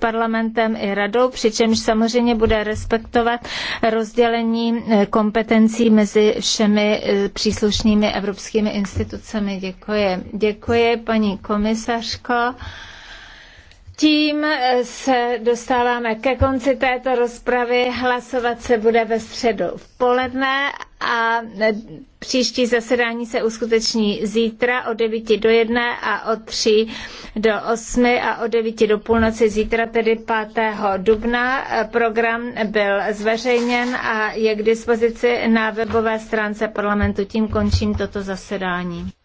parlamentem i radou, přičemž samozřejmě bude respektovat rozdělení eh, kompetencí mezi všemi eh, příslušnými evropskými institucemi. Děkuji. Děkuji, paní komisařko. Tím eh, se dostáváme ke konci této rozpravy. Hlasovat se bude ve středu v poledne a eh, příští zasedání se uskuteční zítra od 9 do 1 a od 3 do 8 a od 9 do půlnoci zítra, tedy 5. dubna. Eh, program byl zveřejněn a je k dispozici na webové stránce parlamentu. Tím končím toto zasedání.